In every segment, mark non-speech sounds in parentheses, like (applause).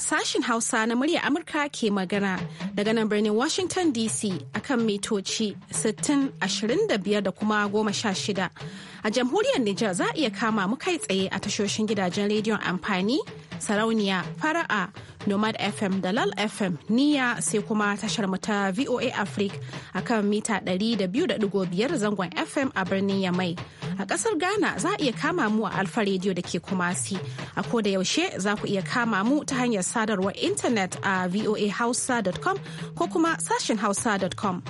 Sashin Hausa na murya Amurka ke magana daga nan birnin Washington DC a kan mitoci sittin, ashirin da kuma 16. A jamhuriyar Nijar za a iya kama mu kai tsaye a tashoshin gidajen rediyon amfani sarauniya fara'a nomad fm da lal fm niya sai kuma tashar mu ta voa africa akan mita 200.5 zangon fm a birnin yamai a kasar ghana za a iya kama mu a alfa radio da ke kumasi a koda yaushe za ku iya kama mu ta hanyar sadarwar intanet a voahausa.com ko kuma sashen hausa.com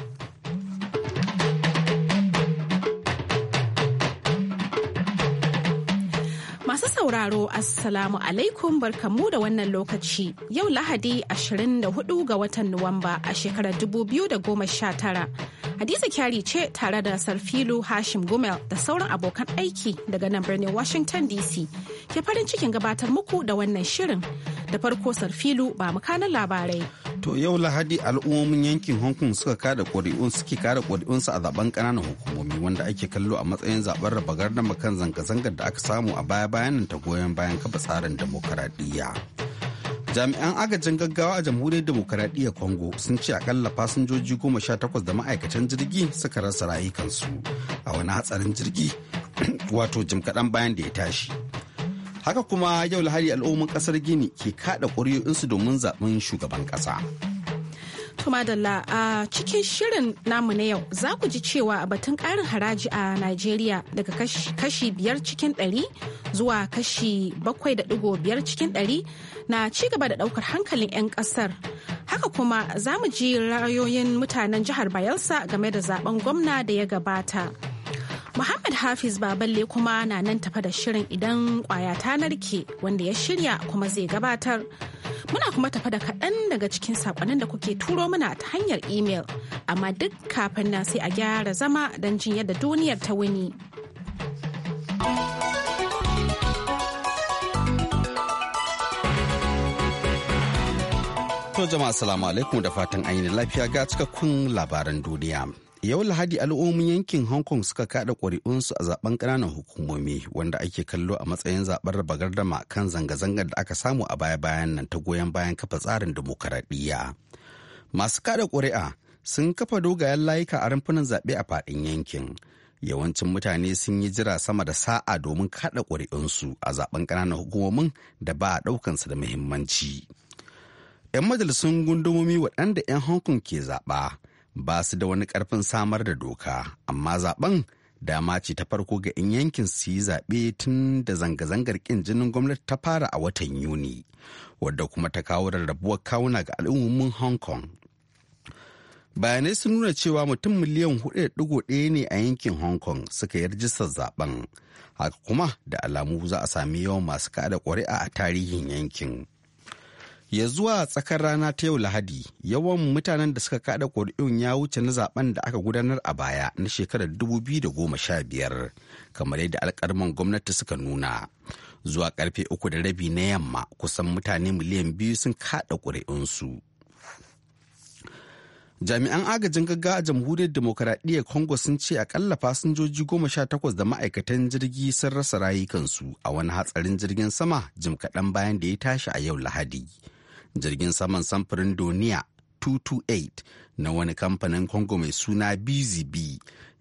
Masu sauraro Assalamu alaikum barkamu da wannan lokaci yau Lahadi 24 ga watan Nuwamba a shekarar 2019. Hadiza kyari ce tare da Sarfilu Hashim Gumel da sauran abokan aiki daga nan birnin Washington DC ke farin cikin gabatar muku da wannan shirin da farko Sarfilu ba mu kanan labarai. To yau Lahadi al'ummomin yankin Hong Kong suka kada ƙuri'un suke kada ƙuri'unsu a zaben ƙananan hukumomi wanda ake kallo a matsayin zaben raba gardama kan zanga-zangar da aka samu a baya-bayan nan ta goyon bayan kafa tsarin demokaradiyya. Jami'an agajin gaggawa a jamhuriyar demokaradiyyar Congo sun ce akalla fasinjoji goma sha takwas da ma'aikatan jirgi suka rasa rayukansu a wani hatsarin jirgi wato jim kaɗan bayan da ya tashi. haka kuma yau lahari al'ummar kasar gini ke kada ƙuri'unsu domin zaɓen shugaban ƙasa. madalla a cikin shirin namu na yau za ku ji cewa a batun ƙarin haraji a Najeriya daga kashi biyar cikin ɗari zuwa kashi bakwai da ɗigo biyar cikin ɗari na cigaba da ɗaukar hankalin 'yan ƙasar. Haka kuma za mu ji ra'ayoyin mutanen jihar Bayelsa game da zaben gwamna da ya gabata. Muhammad Hafiz Baballe kuma na nan tafa da shirin idan kwaya ta narke wanda ya shirya kuma zai gabatar. Muna kuma tafa da kaɗan daga cikin saƙonin da kuke turo mana ta hanyar imel, amma duk kafin na sai a gyara zama don jin yadda duniyar ta wuni. To jama'a salamu alaikum da fatan an lafiya ga cikakkun labaran duniya. yau lahadi al'ummomin yankin hong kong suka kada ƙuri'unsu a zaben ƙananan hukumomi wanda ake kallo a matsayin zaɓar raba gardama kan zanga-zangar da aka samu a baya-bayan nan ta goyon bayan kafa tsarin dimokuraɗiyya masu kada ƙuri'a sun kafa dogayen layuka a rumfunan zaɓe a faɗin yankin yawancin mutane sun yi jira sama da sa'a domin kada ƙuri'unsu a zaben ƙananan hukumomin da ba a ɗaukansu da muhimmanci 'yan majalisun gundumomi waɗanda 'yan hong kong ke zaɓa ba su da wani karfin samar da doka amma zaben dama ce ta farko ga in yankin su yi zaɓe tun da zanga-zangar ƙin jinin gwamnati ta fara a watan yuni wadda kuma ta kawo rarrabuwar kawuna ga al'ummomin hong kong bayanai sun nuna cewa mutum miliyan 4.1 ne a yankin hong kong suka yi rajistar zaben haka kuma da alamu za a sami yawan masu kada ƙuri'a a tarihin yankin. ya zuwa tsakar rana ta yau lahadi yawan mutanen da suka kada ƙuri'un ya wuce na zaben da aka gudanar a baya na shekarar 2015 kamar yadda alkarman gwamnati suka nuna zuwa karfe uku da rabi na yamma kusan mutane miliyan biyu sun kada ƙuri'unsu jami'an agajin gaggawa a jamhuriyar demokaradiyyar congo sun ce akalla fasinjoji goma sha takwas da ma'aikatan jirgi sun rasa rayukansu a wani hatsarin jirgin sama jim kaɗan bayan da ya tashi a yau lahadi jirgin saman samfurin duniya 228 na wani kamfanin congo mai suna bzb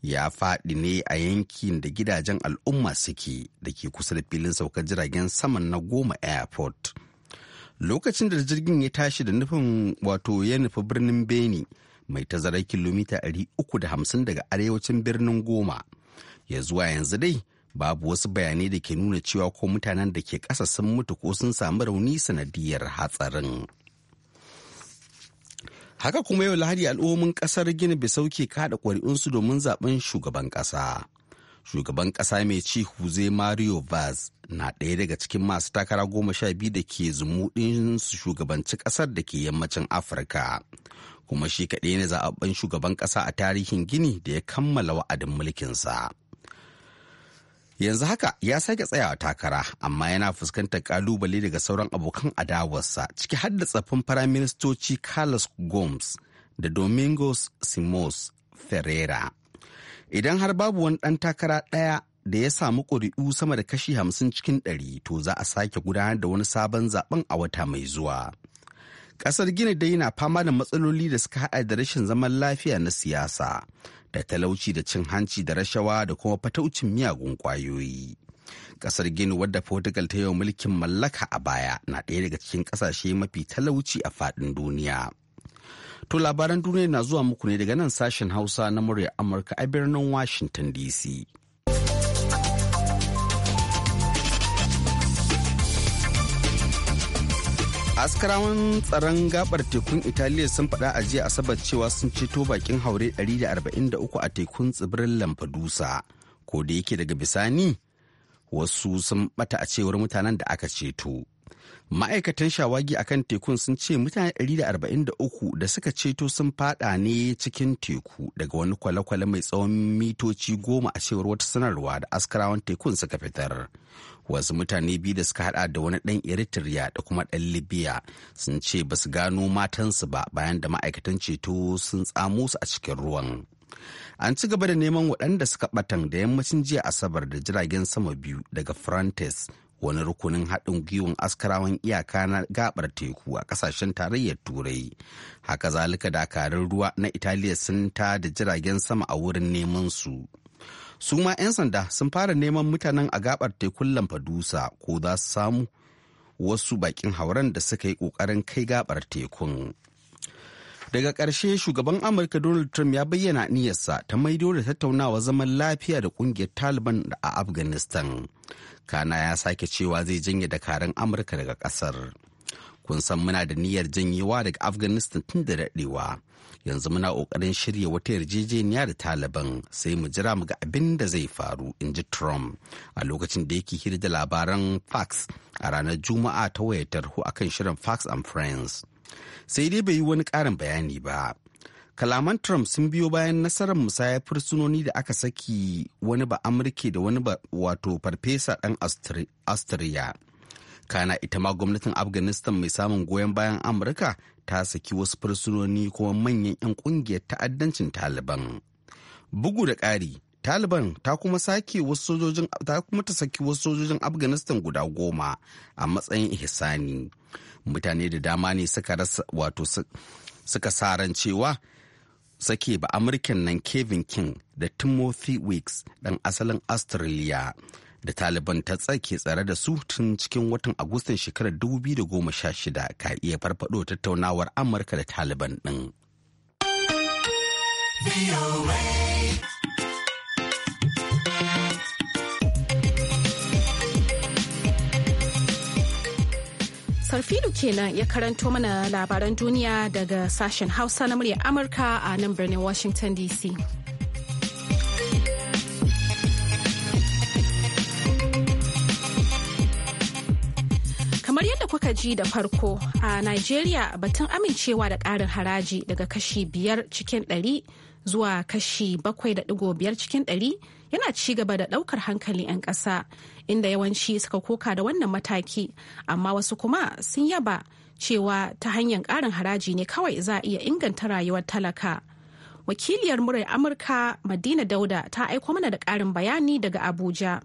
ya faɗi ne a yankin da gidajen al'umma suke da ke kusa da filin saukar jiragen saman na goma airport lokacin da jirgin ya tashi da nufin wato ya nufi birnin beni mai tazarar kilomita 350 daga arewacin birnin goma ya zuwa yanzu dai babu wasu bayanai da ke nuna cewa ko mutanen da ke ƙasa sun mutu ko sun samu rauni sanadiyar hatsarin haka kuma yau lahadi al'ummin ƙasar gini bisau ke kaɗa ƙwari'unsu domin zaben shugaban ƙasa shugaban ƙasa mai ci huze mario vaz na ɗaya daga cikin masu takara goma sha biyu da ke zumuɗin su shugabanci ƙasar da ke yammacin afirka kuma shi kaɗai ne zaɓaɓɓen shugaban ƙasa a tarihin gini da ya kammala wa'adin mulkinsa. yanzu haka ya sake tsayawa takara amma yana fuskantar kalubale daga sauran abokan adawarsa ciki har da tsaffin firaministoci carlos gomes da domingos simos ferreira idan har babu wani ɗan takara ɗaya da ya samu ƙuri'u sama da kashi hamsin cikin ɗari to za a sake gudanar da wani sabon zaben a wata mai zuwa ƙasar gina dai na fama da matsaloli da suka haɗa da rashin zaman lafiya na siyasa da talauci da cin hanci da rashawa da kuma fataucin miyagun kwayoyi. Kasar Gini wadda Portugal ta yi mulkin mallaka a baya na ɗaya daga cikin ƙasashe mafi talauci a faɗin duniya. To labaran duniya na zuwa muku ne daga nan sashen Hausa na murya Amurka a birnin Washington DC. askarawan tsaron gabar tekun italiya sun faɗa a jiya asabar cewa sun ceto bakin haure 143 a tekun tsibirin lampedusa ko da yake daga bisani wasu sun bata a cewar mutanen da aka ceto ma'aikatan shawagi a kan tekun sun ce mutane 143 da suka ceto sun fada ne cikin teku daga wani kwale-kwale mai tsawon mitoci goma a cewar wata sanarwa da askarawan tekun suka fitar wasu mutane biyu da suka hada da wani ɗan eritrea da kuma ɗan libya sun ce ba su gano matansu ba bayan da ma'aikatan ceto sun tsamo su a cikin ruwan an ci gaba da neman waɗanda suka ɓatan da yammacin jiya asabar da jiragen sama biyu daga frantes wani rukunin haɗin gwiwan askarawan iyaka na gabar teku a ƙasashen tarayyar turai haka zalika dakarun ruwa na italiya sun ta da jiragen sama a wurin neman su su ma 'yan sanda sun fara neman mutanen a gabar tekun lamfadusa ko za su samu wasu bakin hauren da suka yi kokarin kai gabar tekun daga ƙarshe shugaban amurka donald trump ya bayyana niyyarsa ta maido da tattaunawa zaman lafiya da ƙungiyar taliban a afghanistan kana ya sake cewa zai janye dakarun amurka daga ƙasar kun san muna da niyyar janyewa daga afghanistan tun da daɗewa yanzu muna ƙoƙarin shirya wata yarjejeniya da taliban sai mu jira mu ga abin da zai faru in ji trump a lokacin da yake hira da labaran fax a ranar juma'a ta wayar tarho akan shirin fax and friends sai dai bai yi wani ƙarin bayani ba kalaman trump sun biyo bayan nasarar musayar fursunoni da aka saki wani ba amurke da wani ba wato farfesa ɗan austria kana ita ma gwamnatin afghanistan mai samun goyon bayan amurka ta saki wasu fursunoni kuma manyan 'yan kungiyar ta'addancin taliban bugu da ƙari taliban ta kuma ta saki wasu sojojin afghanistan guda goma a matsayin ihsani mutane da dama ne suka rasa wato suka sa ran cewa sake ba amurkin nan kevin king da timothy weeks dan asalin australia da taliban ta tsake tsare da su tun cikin watan agustan shekarar 2016 ka iya farfado tattaunawar amurka da taliban ɗin. Sarfilu kenan ya karanto mana labaran duniya daga sashen Hausa na murya Amurka a nan birnin Washington DC. kuka ji da farko a Najeriya batun amincewa da ƙarin haraji daga kashi biyar cikin ɗari zuwa kashi bakwai da ɗigo biyar cikin ɗari yana ci gaba da ɗaukar hankali 'yan ƙasa inda yawanci suka koka da wannan mataki amma wasu kuma sun yaba cewa ta hanyar ƙarin haraji ne kawai za a iya inganta rayuwar talaka. Wakiliyar murar Amurka Madina Dauda ta aiko mana da ƙarin bayani daga Abuja.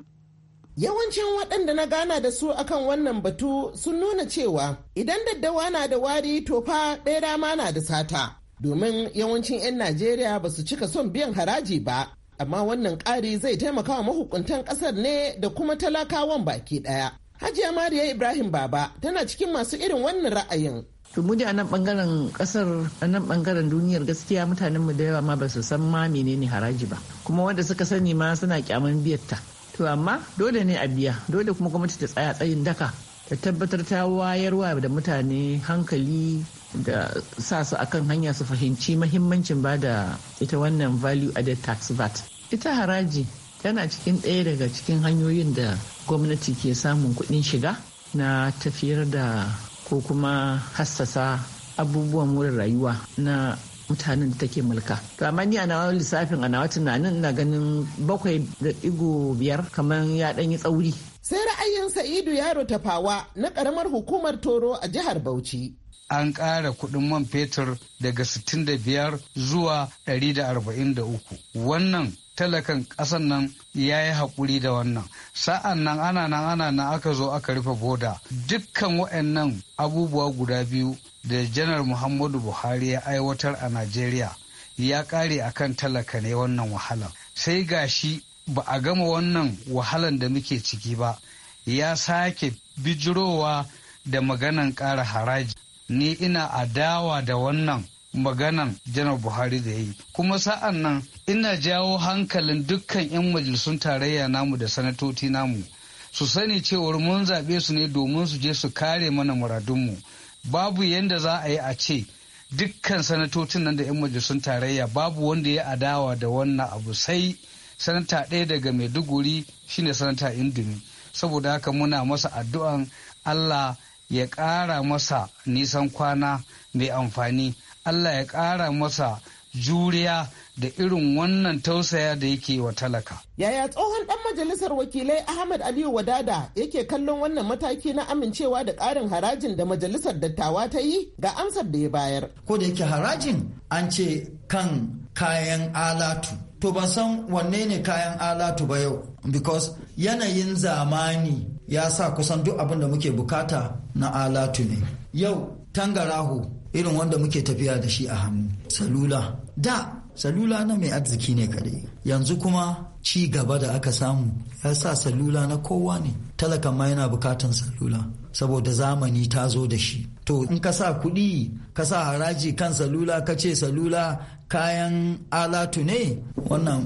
Yawancin waɗanda na gana da su akan wannan batu sun nuna cewa idan daddawa na da wari to fa ɗaya dama na da sata. Domin yawancin 'yan Najeriya ba su cika son biyan haraji ba, amma wannan ƙari zai taimakawa mahukuntan ƙasar ne da kuma talakawan baki ɗaya. Hajiya Mariya Ibrahim Baba tana cikin masu irin wannan ra'ayin. to mu a nan bangaren kasar a nan bangaren duniyar gaskiya mutanen mu da yawa ma ba su san ma menene haraji ba kuma wanda suka sani ma suna kyaman biyar ta to amma dole ne a biya dole kuma gwamnati ta tsaya tsayin daka ta tabbatar ta wayarwa da mutane hankali da sa su akan hanya su fahimci mahimmancin ba da ita wannan value added tax vat ita haraji tana cikin ɗaya daga cikin hanyoyin da gwamnati ke samun kuɗin shiga na tafiyar da ko kuma hassasa abubuwan wurin rayuwa na mutanen da take mulka to amma ni a nawa lissafin a nawa tunanin ina ganin bakwai da digo biyar kamar ya dan yi tsauri sai ra'ayin sa'idu yaro tafawa na karamar hukumar toro a jihar bauchi an ƙara kuɗin man fetur daga 65 zuwa 143 wannan talakan ƙasan nan ya yi haƙuri da wannan sa'an nan ana nan ana nan aka zo aka rufe boda dukkan waɗannan abubuwa guda biyu da janar muhammadu buhari ya aiwatar a najeriya ya kare kan talaka ne wannan wahalan sai gashi ba a gama wannan wahalan da muke ciki ba ya sake bijirowa da maganan ƙara haraji ni ina adawa da wannan maganan janar buhari da yi kuma sa'an nan ina jawo hankalin dukkan 'yan majalisun tarayya namu da sanatoci namu su sani cewar mun zaɓe su ne domin su je su kare mana muradunmu babu yadda za a yi a ce dukkan sanatocin nan da 'yan majalisun tarayya babu wanda ya adawa da wannan abu sai sanata ɗaya daga maiduguri shine sanata indomi. saboda haka muna masa addu'an allah ya ƙara masa nisan kwana mai amfani allah ya ƙara masa juriya da irin wannan tausaya da yake wa talaka. Yaya tsohon ɗan majalisar wakilai Ahmad Aliyu Wadada yake kallon wannan mataki na amincewa da ƙarin harajin da majalisar dattawa ta yi ga amsar da ya bayar. Ko da yake harajin an ce kan kayan alatu. To ban san wanne ne kayan alatu ba yau, because yanayin zamani ya sa kusan duk abin da muke bukata na alatu ne. Yau tangarahu irin wanda muke tafiya da shi a hannu, salula. Da salula na mai arziki ne kadai yanzu kuma ci gaba da aka samu ya sa salula na kowa ne talaka ma yana bukatan salula saboda zamani ta zo da shi to in ka sa kuɗi ka sa haraji kan salula ka ce salula kayan alatu ne wannan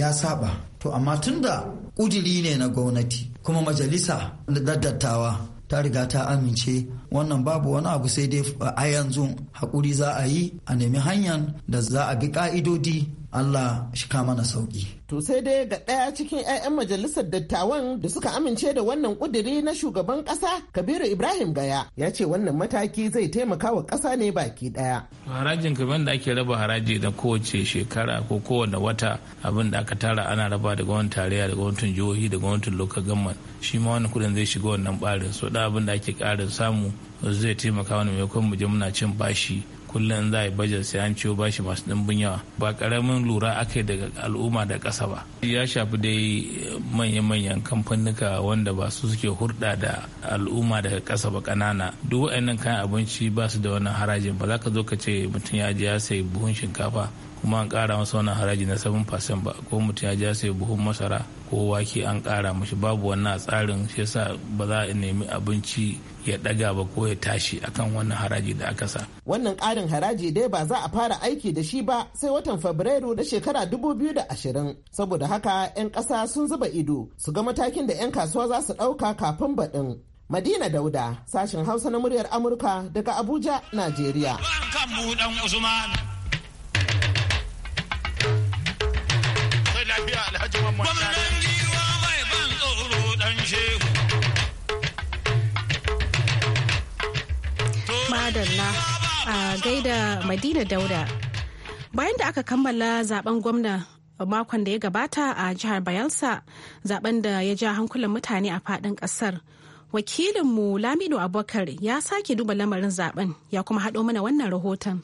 ya saba to amma tunda ƙudiri ne na gwamnati kuma majalisa da dattawa ta riga ta amince wannan babu wani abu sai dai a yanzu haƙuri za a yi a nemi hanyar da za a bi ƙa'idodi Allah shi ka mana sauƙi. To sai dai ga ɗaya cikin 'ya'yan majalisar dattawan da suka amince da wannan ƙuduri na shugaban ƙasa Kabiru Ibrahim Gaya ya ce wannan mataki zai taimaka wa ƙasa ne baki ɗaya. Harajin kamar da ake raba haraji da kowace shekara ko kowane wata abin da aka tara ana raba daga wani tarayya daga wani jihohi daga wani local government shi ma wani kuɗin zai shiga wannan ɓarin so da abin da ake ƙarin samu zai taimaka wani maimakon mu je muna cin bashi kullum za a yi bajar sai an ciwo bashi masu ɗimbin yawa ba ƙaramin lura aka daga al'umma da ƙasa ba ya shafi dai manya-manyan kamfanuka wanda ba su suke hurɗa da al'umma daga ƙasa ba ƙanana duk waɗannan kayan abinci ba su da wannan harajin ba za ka zo ka ce mutum ya je ya sayi buhun shinkafa kuma an kara masa wannan haraji na 7% ba ko mutum ya ja sai buhun masara ko wake an kara mashi babu wannan tsarin shi yasa ba za a nemi abinci ya daga ba ko ya tashi akan wannan haraji da aka sa wannan karin haraji dai ba za a fara aiki da shi ba sai watan fabrairu na shekara 2020 saboda haka 'yan kasa sun zuba ido su ga matakin da 'yan kasuwa za su dauka kafin baɗin Madina Dauda, sashen Hausa na muryar Amurka daga Abuja, Najeriya. Kan tafiya alhaji a gaida madina dauda bayan da aka kammala zaben gwamna makon da ya gabata a jihar bayelsa zaben da ya ja hankulan mutane a fadin kasar wakilinmu lamido abubakar ya sake duba lamarin zaben ya kuma haɗo mana wannan rahoton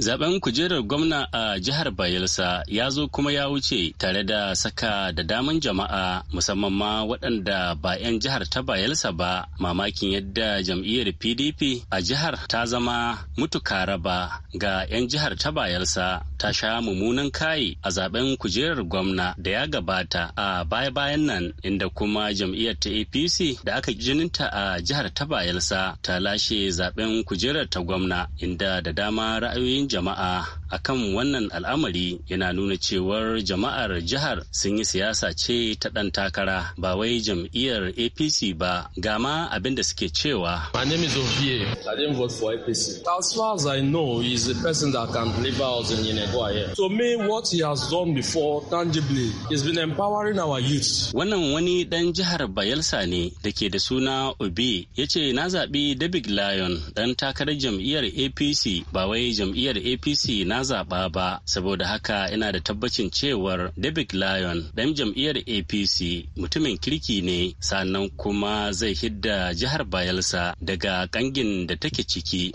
Zaben kujerar gwamna a jihar Bayelsa ya zo kuma ya wuce tare da saka da daman jama'a musamman ma waɗanda ba 'yan jihar ta Bayelsa ba mamakin yadda jam'iyyar PDP a jihar ta zama mutukara ba ga 'yan jihar ta Bayelsa ta sha mummunan kai a zaben kujerar gwamna da ya gabata a baya-bayan nan inda kuma jam'iyyar ta APC da aka jininta a jihar ta Bayelsa ta lashe zaben kujerar ta gwamna inda da dama ra'ayoyin jama'a akan wannan al'amari yana nuna cewar jama'ar jihar sun yi siyasa ce ta ɗan takara ba wai jam'iyyar apc ba gama abin da suke cewa my name is Ovie. i didn't vote for apc as far as i know he is a person that can deliver us in yenegua here to me what he has done before tangibly is been empowering our youth wannan wani ɗan jihar bayelsa ne da ke da suna obi ya ce na zaɓi david lion ɗan takarar jam'iyyar apc ba wai jam'iyyar jam'iyyar apc na zaɓa ba saboda haka ina da tabbacin cewar david lyon ɗan jam'iyyar apc mutumin kirki ne sannan kuma zai hidda jihar bayelsa daga kangin da take ciki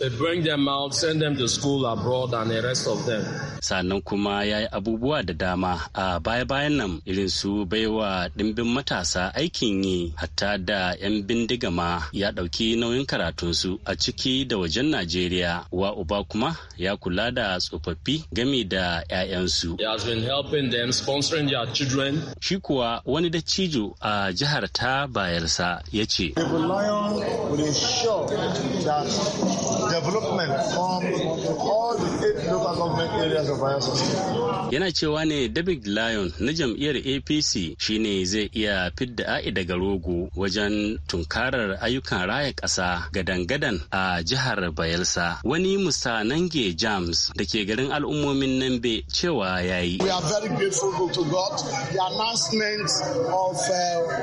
They bring them out, send them to school abroad and the rest of them. Sannan kuma ya yi abubuwa da dama a baya-bayan nan irin su baiwa ɗimbin matasa aikin yi hatta da 'yan bindiga ma ya ɗauki nauyin karatunsu a ciki da wajen Najeriya. Wa uba kuma ya kula da tsofaffi gami da 'ya'yansu. He has been helping them sponsoring their children. Shi kuwa wani da cijo a jihar ta bayarsa ya ce. development from all the eight local government areas of Bayelsa State. Yana cewa ne David Lyon na jam'iyyar APC shine zai iya fidda a'i daga rogo wajen tunkarar ayyukan raya ƙasa gadan-gadan a jihar Bayelsa. Wani Musa Nange James da ke garin al'ummomin Nambe cewa ya yi. We are very grateful to God. The announcement of uh,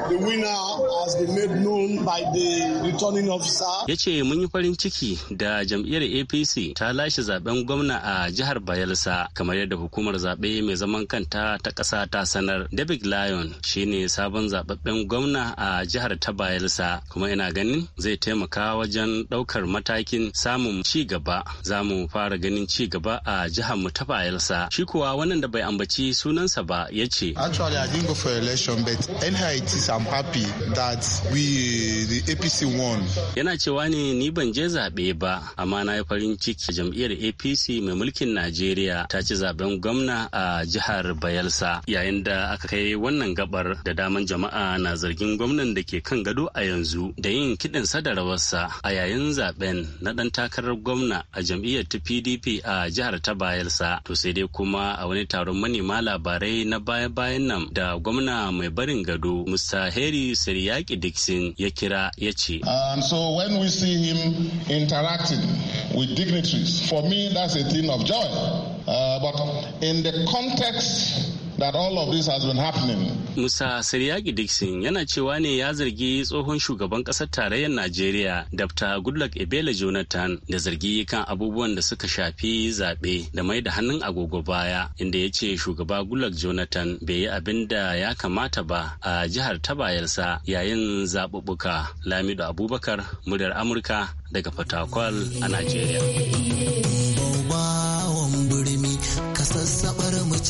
the winner has been made known by the returning officer. Ya ce mun yi farin ciki da jam'iyyar apc ta lashe zaben gwamna a jihar bayelsa kamar yadda hukumar zaɓe mai zaman kanta ta ƙasa ta sanar david lyon shine sabon zababben gwamna a jihar ta bayelsa kuma ina ganin zai taimaka wajen ɗaukar matakin samun ci gaba za mu fara ganin ci gaba a jihar mu ta bayelsa shi kuwa wannan da bai ambaci sunansa ba ya ce yana cewa ne ni ban je zaɓe ba amma na yi farin ciki jam'iyyar apc mai mulkin najeriya ta ci zaben gwamna a jihar bayelsa yayin da aka kai wannan gabar da daman jama'a na zargin gwamnan da ke kan gado a yanzu da yin kiɗin sadarawarsa a yayin zaben na ɗan takarar gwamna a jam'iyyar ta pdp a jihar ta bayelsa to sai dai kuma a wani taron manema labarai na baya-bayan nan da gwamna mai barin gado musta heri siriyaki dixon ya kira ya ce so when we see him interacting with dignitaries. For me, that's a thing of joy. Uh, but in the context that all of this has been happening. Musa Siryaki Dixon yana cewa ne ya zargi tsohon shugaban ƙasar tarayyar Najeriya Dr. Goodluck Ebele Jonathan da zargi kan abubuwan da suka shafi zaɓe da mai da hannun agogo baya inda ya ce shugaba Goodluck Jonathan bai yi abin da ya kamata ba a jihar ta yayin zaɓuɓɓuka. Lamido Abubakar, muryar Amurka daga Fatakwal a Najeriya.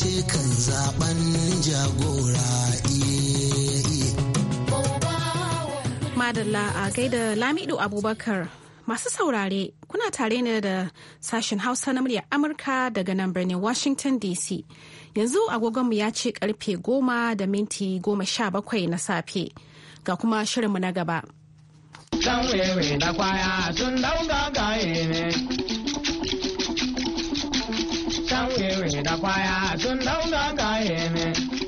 ce kan zaben jagora eh, eh. Madalla a gaida Lamido Abubakar masu saurare kuna tare ne da sashen Hausa na muryar Amurka daga nan birnin Washington DC. Yanzu agogonmu ya ce karfe goma da minti goma sha bakwai na safe ga kuma shirinmu na gaba. da kwaya sun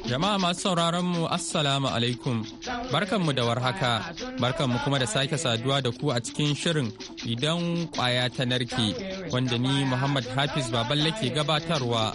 Jama'a masu sauraron mu Assalamu alaikum. Barkanmu da warhaka. Barkanmu kuma da sake saduwa da ku a cikin shirin idan kwaya ta narke wanda ni Muhammad Hafiz Baballe ke gabatarwa.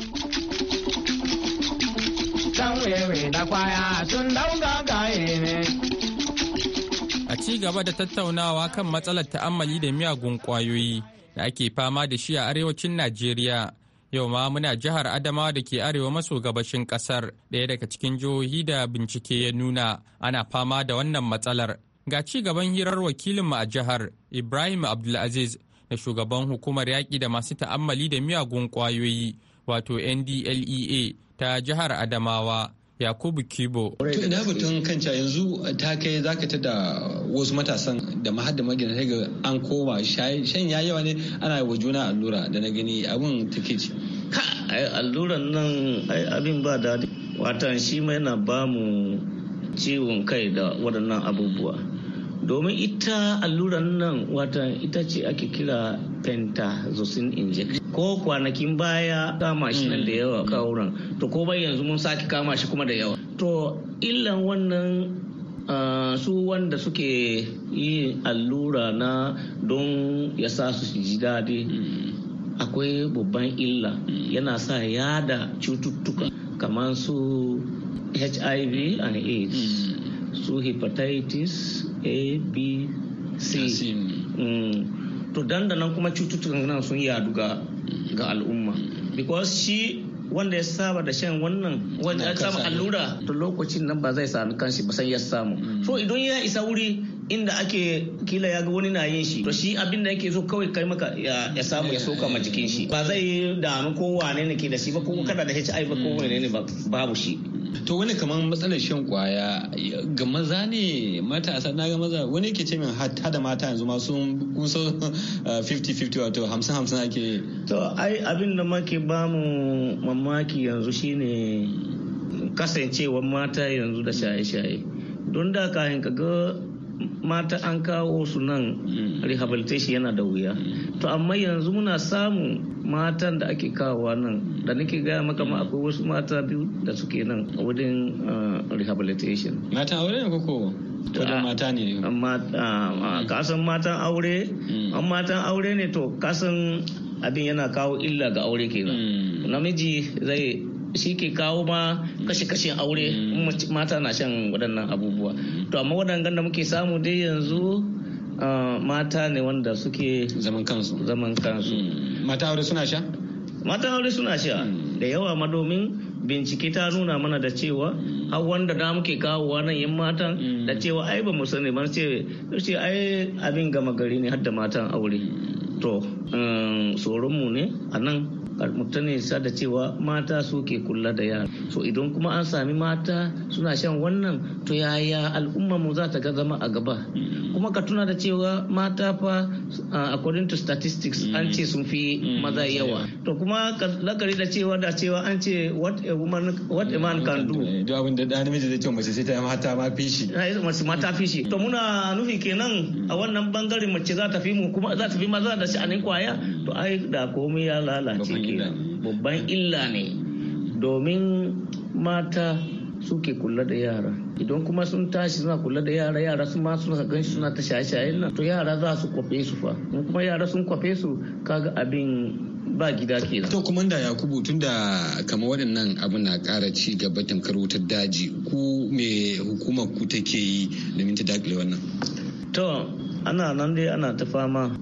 A ci gaba da tattaunawa kan matsalar ta'ammali da miyagun kwayoyi da ake fama da shi a arewacin Najeriya. Yau ma muna jihar Adamawa da ke arewa maso gabashin kasar ɗaya daga cikin jihohi da bincike ya nuna ana fama da wannan matsalar. Ga ci gaban hirar wakilinmu a jihar Ibrahim Abdulaziz da shugaban hukumar yaƙi da masu ta'ammali da miyagun ƙwayoyi wato NDLEA ta jihar Adamawa Yakubu Kibo. To ina batun kanca yanzu ta kai zaka ta da wasu matasan da mahadda magina ta ga an koma shan ya yawa ne ana wa juna allura da na gani ta ke ci. Ka alluran nan ai abin ba daɗi. Watan shi mai na mu ciwon kai da waɗannan abubuwa. domin ita alluran nan wata ita ce ake kira pentazocin injection ko kwanakin baya kama shi nan da yawa kawuran to ko bai yanzu mun sake kama shi kuma da yawa to illan wannan su wanda suke yi allura na don ya sa su ji daɗi akwai babban illa yana sa yada cututtuka kamar su hiv and aids su hepatitis a b c mm. to nan kuma cututtukan nan sun yadu ga ga al'umma because shi wanda ya saba da shan wannan wanda ya samu allura to lokacin nan ba zai sami kanshi ba san ya samu mm. so idan ya isa wuri inda ake kila ya ga wani na yin shi to shi abin da yake so kawai kai maka ya samu ya soka ma jikin shi ba zai damu ko wane ne ke da shi ba ko kada da HIV ko mm. wane ne babu shi to wani kamar matsalar shan kwaya ga maza ne matasa na ga maza wani ke ce min hatta da mata yanzu ma sun kusa 50-50 (laughs) uh, wato 50-50 ake to ai abin da make ba mu mamaki yanzu shine kasancewar mata yanzu da shaye-shaye don da kayan kaga mata an kawo su nan mm. rehabilitation yana da wuya mm. to amma yanzu muna samun matan da ake kawowa nan da nake gaya maka ma mm. akwai wasu mata biyu da suke nan a wurin ah, rehabilitation mata aure ne koko wajen mata ne ah, ah, kasan matan aure an matan aure ne to kasan abin yana kawo illa ga aure kenan namiji zai shi ke kawo ma kashe-kashen aure mm. mata na shan waɗannan abubuwa mm. to amma waɗannan da muke samu dai yanzu ah, mata ne wanda suke zaman kansu zaman kansu mm. mata aure suna sha mata aure suna sha da yawa madomin bincike ta nuna mana da cewa har wanda da muke kawo nan yan matan da cewa ai ba mu sani ba ce ce ai abin gama gari ne har da matan aure to um, tsoron mu ne a nan mutum ne sa da cewa mata su ke kula da yara so idan kuma an sami mata suna shan wannan to yaya al'umma mu za ta ga zama a gaba kuma ka tuna da cewa mata fa according to statistics an ce sun fi mm, mm, maza yawa to kuma lakari da cewa da cewa an ce what a woman what a man can do eh, duk abin da dan namiji zai ce mace sai ta yi mata ma fishi mace mata fishi to muna nufi kenan a wannan bangaren mace za ta fi mu kuma za ta fi maza da sha'anin kwaya to ai da komai ya lalace kenan babban illa ne domin mata suke kula da yara idan kuma sun tashi suna kula da yara yara su ma suna gan shi suna ta shaye shaye nan to yara za su kwafe su fa in kuma yara sun kwafe su kaga abin ba gida ke to kuma da yakubu da kama waɗannan abin na ƙara ci gaba tamkar wutar daji ku me hukumar ku take yi domin ta dakile wannan to ana nan dai ana ta fama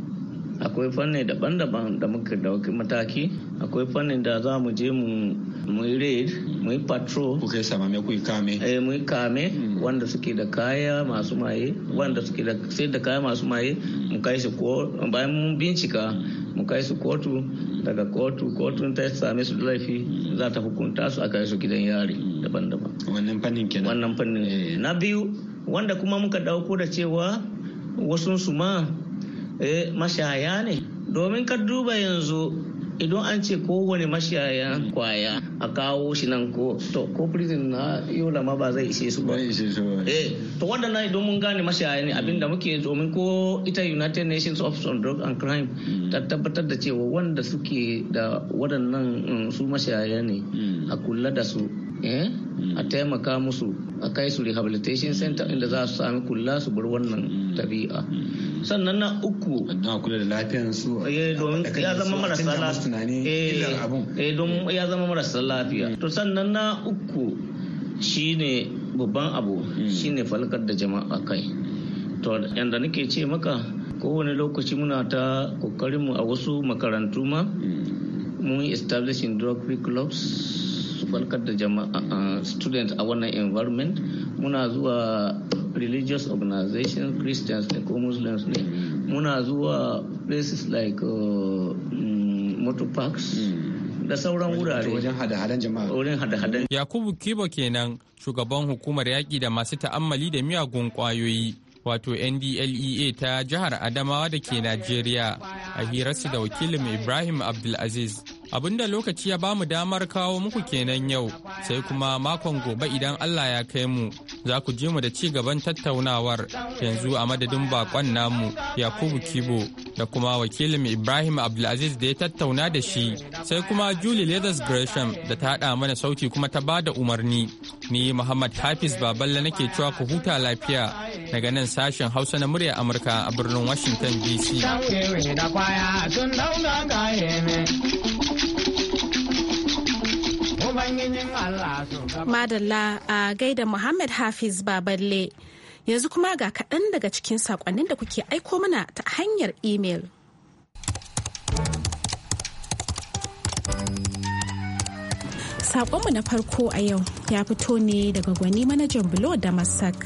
akwai fanni daban-daban da muka dauki mataki akwai fanni da za mu je mu yi raid mu yi patrol ku kai samame ku yi kame eh mu yi kame hmm. wanda suke da kaya masu maye wanda suke da sai da kaya masu maye hmm. mu kai su ko bayan mun bincika mu kai su kotu daga kotu kotu ta same su laifi za ta hukunta su a kai su gidan yari daban-daban wannan fannin kenan wannan fannin eh. na biyu wanda kuma muka dauko da cewa wasu su ma Eh, mashaya ne domin ka duba yanzu idan an ce kowane mashaya kwaya a kawo shi nan ko to ko prison na yola ma ba zai ishe su ba eh to na idan mun gane mashaya ne abinda muke domin ko ita United Nations Office on Drug and Crime hmm. ta tabbatar da cewa wanda suke da waɗannan mm, su mashaya ne hmm. a kula da su Eh? Hmm. a taimaka musu a kai su rehabilitation center inda za su sami kula su bar wannan tabi'a hmm. hmm. sannan na uku na kula da lafiyar eh, su eh, domin ya zama marasa lafiya eh don ya zama marasa lafiya to sannan na uku shine babban abu shine falkar da jama'a kai to yanda nake ce maka kowane lokaci muna ta kokarinmu a wasu makarantu ma mun establishing drug free clubs su da jama'a student a wannan environment muna zuwa religious organizations christians ne ko muslims ne muna zuwa places like uh, mm, motor parks da sauran wurare wajen hada-hadan jama'a yakubu kibo kenan shugaban hukumar yaƙi da masu ta'ammali da miyagun ƙwayoyi wato ndlea ta jihar adamawa da ke najeriya a hirarsu da wakilin ibrahim abdulaziz abinda lokaci ya bamu damar kawo muku kenan yau sai kuma makon gobe idan Allah ya kai mu za ku je mu da ci gaban tattaunawar yanzu a madadin bakon namu Yakubu Kibo da kuma wakilin Ibrahim Abdulaziz da ya tattauna da shi sai kuma Julie Leathers Gresham da ta haɗa mana sauti kuma ta bada umarni ni Muhammad Hafiz Baballe nake cewa ku huta lafiya daga nan sashen Hausa na murya Amurka a birnin Washington DC. Madalla a gaida Muhammad Hafiz Baballe. Yanzu kuma ga kaɗan daga cikin saƙonnin da kuke aiko mana ta hanyar imel. Saƙonmu na farko a yau ya fito ne daga gwani manajan bulo da Masak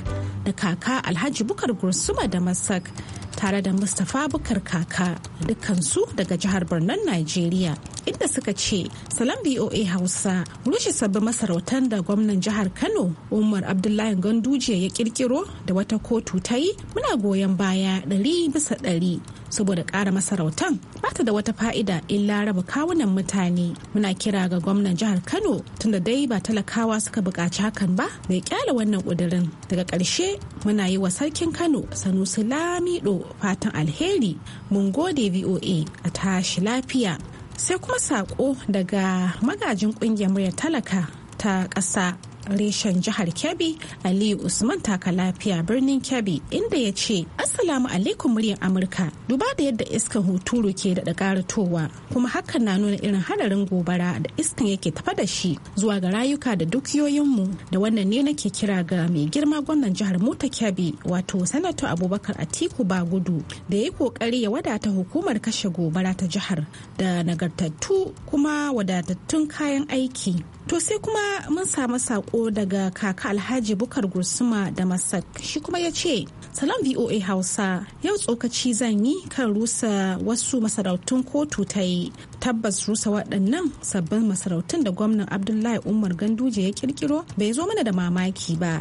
da kaka Alhaji Bukar Gursuma da Masak tare da Mustapha Bukar kaka dukansu daga jihar Birnin Najeriya. inda suka ce salam BOA Hausa rushe sabbin masarautar da gwamnan jihar Kano Umar Abdullahi Ganduje ya kirkiro da wata kotu ta yi muna goyon baya ɗari bisa ɗari saboda ƙara masarautar ba ta da wata fa'ida illa raba kawunan mutane muna kira ga gwamnan jihar Kano tunda dai ba talakawa suka buƙaci hakan ba da ya kyala wannan ƙudurin daga ƙarshe muna yi wa sarkin Kano Sanusi Lamido fatan alheri mun gode VOA a tashi lafiya sai kuma sako daga magajin kungiyar murya talaka ta ƙasa reshen jihar Kebbi Aliyu Usman taka lafiya birnin Kebbi inda ya ce Assalamu alaikum muryar Amurka duba da yadda iskan huturu ke da karatowa kuma hakan na nuna irin hadarin gobara da iskan yake tafa da shi zuwa ga rayuka da dukiyoyinmu da wannan ne nake kira ga mai girma gwamnan jihar Mota Kebbi wato Sanato Abubakar Atiku Bagudu da ya yi kokari ya wadata hukumar kashe gobara ta jihar da nagartattu kuma wadatattun kayan aiki To sai kuma mun samu sako daga kaka Alhaji Bukar Gursuma da Masak. Shi kuma ya ce, Salam VOA Hausa, yau tsokaci zan yi kan rusa wasu masarautun kotu ta yi. Tabbas rusa waɗannan sabbin masarautun da gwamnan Abdullahi Umar Ganduje ya kirkiro bai zo mana da mamaki ba.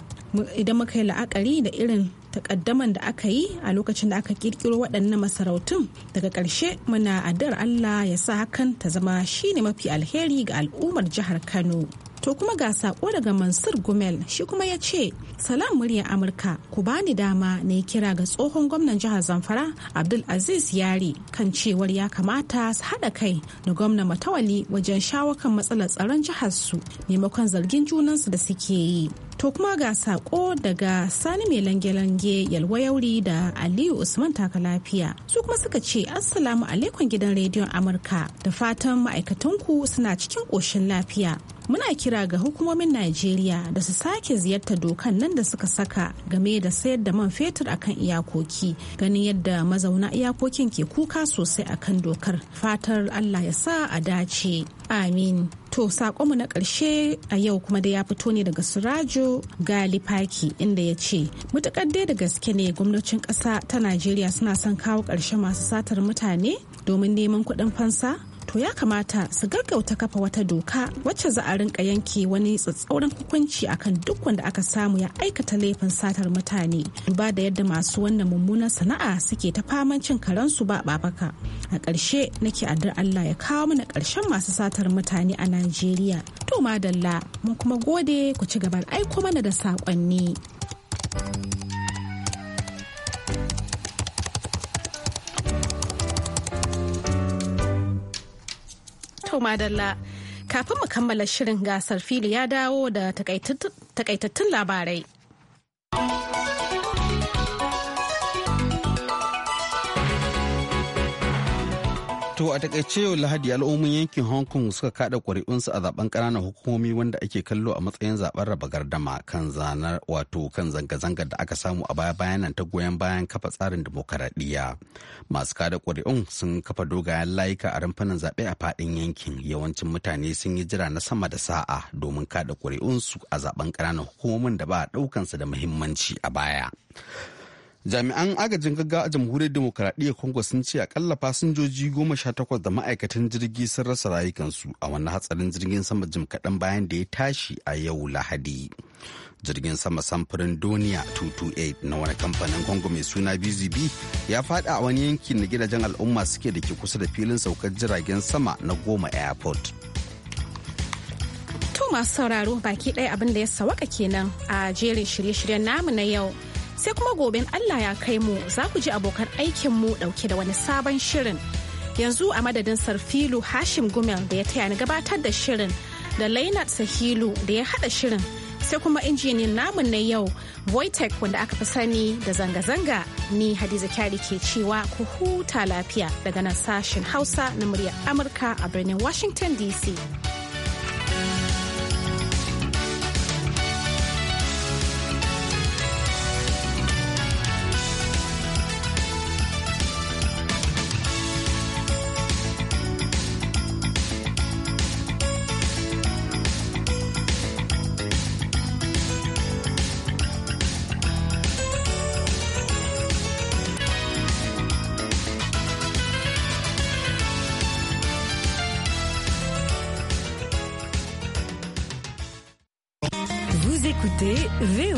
Idan muka yi la'akari da irin takaddaman da aka yi a lokacin da aka kirkiro waɗannan masarautun daga ƙarshe muna adar Allah ya sa hakan ta zama shine mafi alheri ga al'ummar jihar Kano. To kuma ga sako daga Mansur Gumel shi kuma ya ce, Salam murya Amurka, ku bani dama na yi kira ga tsohon gwamnan jihar Zamfara Abdul Aziz Yari kan cewar ya kamata su haɗa kai da gwamnan Matawali wajen shawo matsalar tsaron jihar su maimakon zargin junansu da suke yi. To kuma ga sako daga Sani mai lange-lange yalwa yauri da Aliyu Usman taka lafiya. Su kuma suka ce Assalamu alaikum gidan rediyon Amurka da fatan ma'aikatanku suna cikin ƙoshin lafiya. Muna kira ga hukumomin Najeriya da su sake ziyarta dokan nan da suka saka game da sayar da man fetur akan iyakoki ganin yadda mazauna iyakokin ke kuka sosai akan dokar fatar Allah ya sa a dace. Amin. To mu na ƙarshe a yau kuma da ya fito ne daga Surajo galipaki inda ya ce, mutakar dai da gaske ne gwamnatin ƙasa ta Najeriya suna son kawo ƙarshe masu satar mutane domin neman kuɗin fansa to ya kamata su gaggauta kafa wata doka wacce za a rinka yanke wani tsatsauran hukunci akan duk wanda aka samu ya aikata laifin satar mutane duba da yadda masu wannan mummunan sana'a suke ta faman cin karensu ba babaka a ƙarshe nake addu'ar Allah ya kawo mana ƙarshen masu satar mutane a Najeriya to madalla mun kuma gode ku ci gaba aiko mana da saƙonni. To madalla. Kafin mu kammala shirin gasar fili ya dawo da takaitattun labarai. To a takaice yau Lahadi al'ummin yankin Hong Kong suka kada ƙuri'unsu a zaben ƙananan hukumomi wanda ake kallo a matsayin zaben raba gardama kan zanar wato kan zanga-zangar da aka samu a baya bayan nan ta goyon bayan kafa tsarin demokaradiyya. Masu kada ƙuri'un sun kafa dogayen layuka a rumfunan zaɓe a faɗin yankin yawancin mutane sun yi jira na sama da sa'a domin kada ƙuri'unsu a zaben ƙananan hukumomin da ba a ɗaukansu da muhimmanci a baya. jami'an agajin gaggawa a jamhuriyar demokaradiyyar congo sun ce akalla fasinjoji goma sha takwas da ma'aikatan jirgi sun rasa rayukansu a wani hatsarin jirgin sama jim kaɗan bayan da ya tashi a yau lahadi jirgin sama samfurin doniya 228 na wani kamfanin congo mai suna bzb ya fada a wani yanki na gidajen al'umma suke da ke kusa da filin saukar jiragen sama na goma airport to masu sauraro baki ɗaya abin da ya sawaka kenan a jerin shirye-shiryen namu na yau sai kuma goben Allah ya kai mu za ku ji abokan aikinmu dauke da wani sabon shirin. Yanzu a madadin Sarfilu Hashim Gumel da ya taya ni gabatar da shirin da Lainat Sahilu da ya haɗa shirin sai kuma injinin namun na yau Voitech wanda aka fi sani da zanga-zanga ni Hadiza Kyari ke cewa ku huta lafiya daga nan sashen Hausa na muryar Amurka a birnin Washington DC.